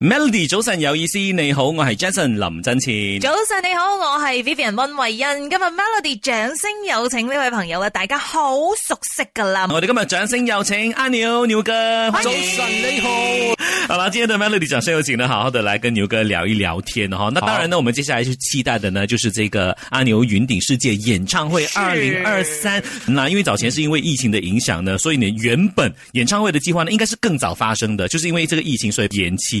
Melody，早晨有意思，你好，我是 Jason 林真前。早晨你好，我是 Vivian 溫慧恩。今日 Melody 掌聲有請呢位朋友啊，大家好熟悉㗎喇。我哋今日掌聲有請阿牛牛哥。歡迎早晨你好，好啦，今日的 Melody 掌聲有請呢，好好的來跟牛哥聊一聊天哈。那當然呢，好我們接下來去期待的呢，就是這個阿牛雲頂世界演唱會二零二三。那是、嗯、因為早前是因為疫情的影響呢，所以呢原本演唱會的計劃呢，應該是更早發生的，就是因為這個疫情所以延期。